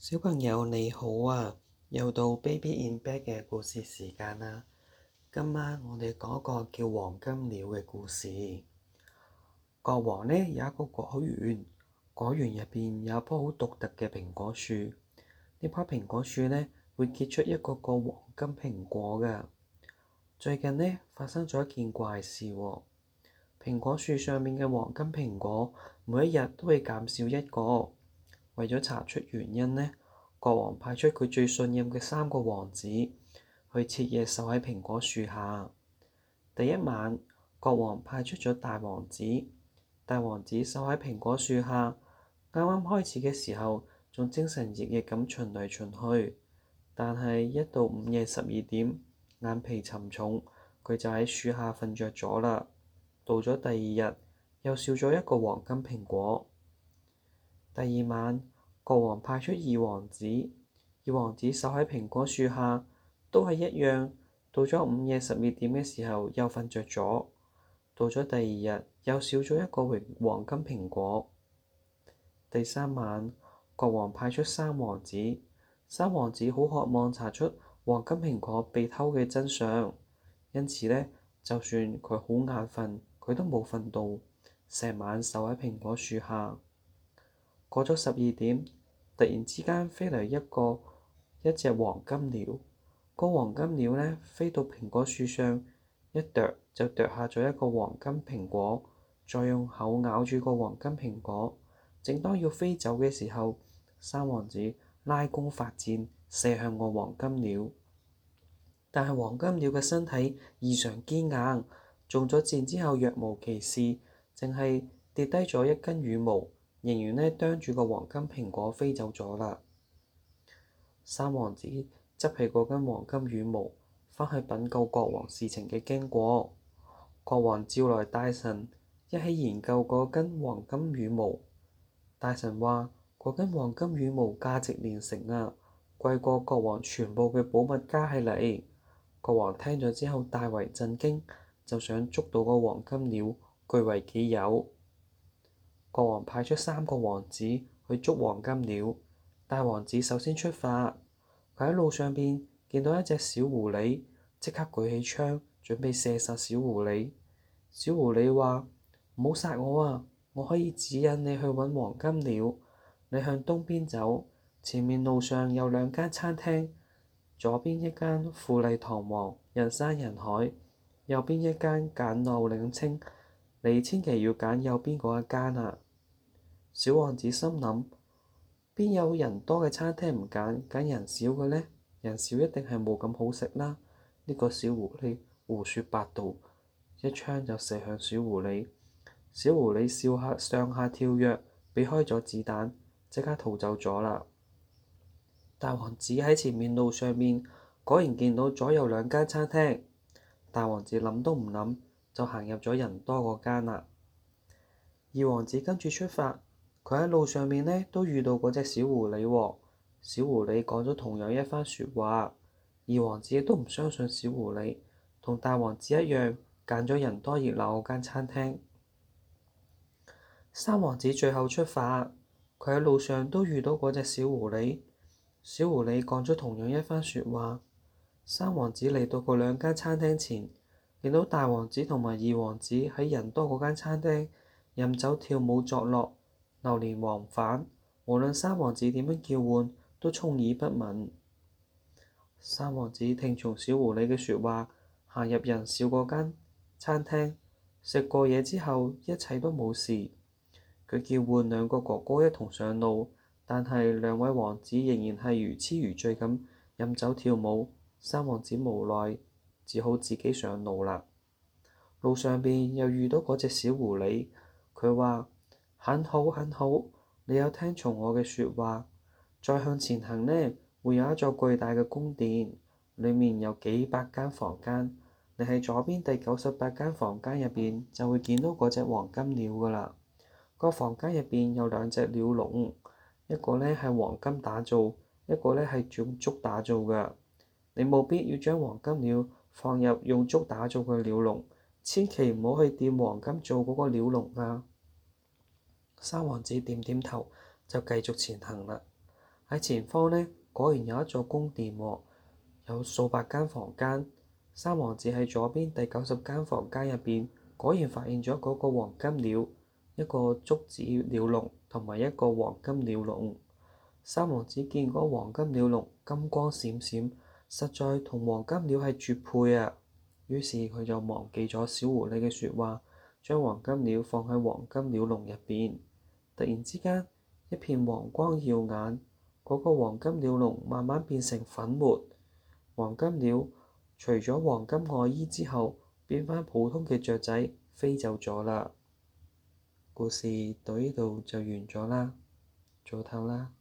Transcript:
小朋友你好啊，又到《Baby and Bear》嘅故事時間啦。今晚我哋講一個叫《黃金鳥》嘅故事。國王呢，有一個果園，果園入邊有棵好獨特嘅蘋果樹。呢棵蘋果樹呢會結出一個個黃金蘋果嘅。最近呢，發生咗一件怪事喎、哦，蘋果樹上面嘅黃金蘋果每一日都會減少一個。為咗查出原因呢，國王派出佢最信任嘅三個王子去徹夜守喺蘋果樹下。第一晚，國王派出咗大王子，大王子守喺蘋果樹下。啱啱開始嘅時候仲精神奕奕咁巡嚟巡去，但係一到午夜十二點，眼皮沉重，佢就喺樹下瞓着咗啦。到咗第二日，又少咗一個黃金蘋果。第二晚，國王派出二王子，二王子守喺蘋果樹下，都係一樣。到咗午夜十二點嘅時候，又瞓着咗。到咗第二日，又少咗一個黃金蘋果。第三晚，國王派出三王子，三王子好渴望查出黃金蘋果被偷嘅真相，因此呢，就算佢好眼瞓，佢都冇瞓到，成晚守喺蘋果樹下。過咗十二點，突然之間飛嚟一個一隻黃金鳥。個黃金鳥呢，飛到蘋果樹上一啄，就啄下咗一個黃金蘋果，再用口咬住個黃金蘋果。正當要飛走嘅時候，三王子拉弓發箭射向個黃金鳥，但係黃金鳥嘅身體異常堅硬，中咗箭之後若無其事，淨係跌低咗一根羽毛。仍然呢，啄住個黃金蘋果飛走咗啦！三王子執起嗰根黃金羽毛，返去稟告國王事情嘅經過。國王召來大臣一起研究嗰根黃金羽毛。大臣話嗰根黃金羽毛價值連城啊，貴過國王全部嘅寶物加起嚟。國王聽咗之後大為震驚，就想捉到個黃金鳥據為己有。國王派出三個王子去捉黃金鳥。大王子首先出發，佢喺路上邊見到一隻小狐狸，即刻舉起槍準備射殺小狐狸。小狐狸話：唔好殺我啊！我可以指引你去揾黃金鳥。你向東邊走，前面路上有兩間餐廳，左邊一間富麗堂皇，人山人海；右邊一間簡陋冷清。你千祈要揀右邊嗰一間啊！小王子心諗：邊有人多嘅餐廳唔揀，揀人少嘅呢？人少一定係冇咁好食啦！呢個小狐狸胡說八道，一槍就射向小狐狸。小狐狸笑下上下跳躍，避開咗子彈，即刻逃走咗啦。大王子喺前面路上面，果然見到左右兩間餐廳。大王子諗都唔諗，就行入咗人多嗰間啦。二王子跟住出發。佢喺路上面呢，都遇到嗰隻小狐狸喎，小狐狸講咗同樣一番説話，二王子亦都唔相信小狐狸，同大王子一樣揀咗人多熱鬧嗰間餐廳。三王子最後出發，佢喺路上都遇到嗰隻小狐狸，小狐狸講咗同樣一番説話。三王子嚟到嗰兩間餐廳前，見到大王子同埋二王子喺人多嗰間餐廳飲酒跳舞作樂。流連忘返，無論三王子點樣叫喚，都充耳不聞。三王子聽從小狐狸嘅説話，行入人少嗰間餐廳食過嘢之後，一切都冇事。佢叫喚兩個哥哥一同上路，但係兩位王子仍然係如痴如醉咁飲酒跳舞。三王子無奈，只好自己上路啦。路上邊又遇到嗰隻小狐狸，佢話。很好，很好，你有聽從我嘅説話，再向前行呢，會有一座巨大嘅宮殿，裡面有幾百間房間。你喺左邊第九十八間房間入邊就會見到嗰隻黃金鳥噶啦。個房間入邊有兩隻鳥籠，一個呢係黃金打造，一個呢係用竹打造嘅。你冇必要將黃金鳥放入用竹打造嘅鳥籠，千祈唔好去掂黃金做嗰個鳥籠啊！三王子點點頭，就繼續前行啦。喺前方呢，果然有一座宮殿喎，有數百間房間。三王子喺左邊第九十間房間入邊，果然發現咗嗰個黃金鳥，一個竹子鳥籠同埋一個黃金鳥籠。三王子見嗰個黃金鳥籠金光閃閃，實在同黃金鳥係絕配啊！於是佢就忘記咗小狐狸嘅説話，將黃金鳥放喺黃金鳥籠入邊。突然之間，一片黃光耀眼，嗰個黃金鳥籠慢慢變成粉末。黃金鳥除咗黃金外衣之後，變返普通嘅雀仔，飛走咗啦。故事到呢度就完咗啦，早唞啦～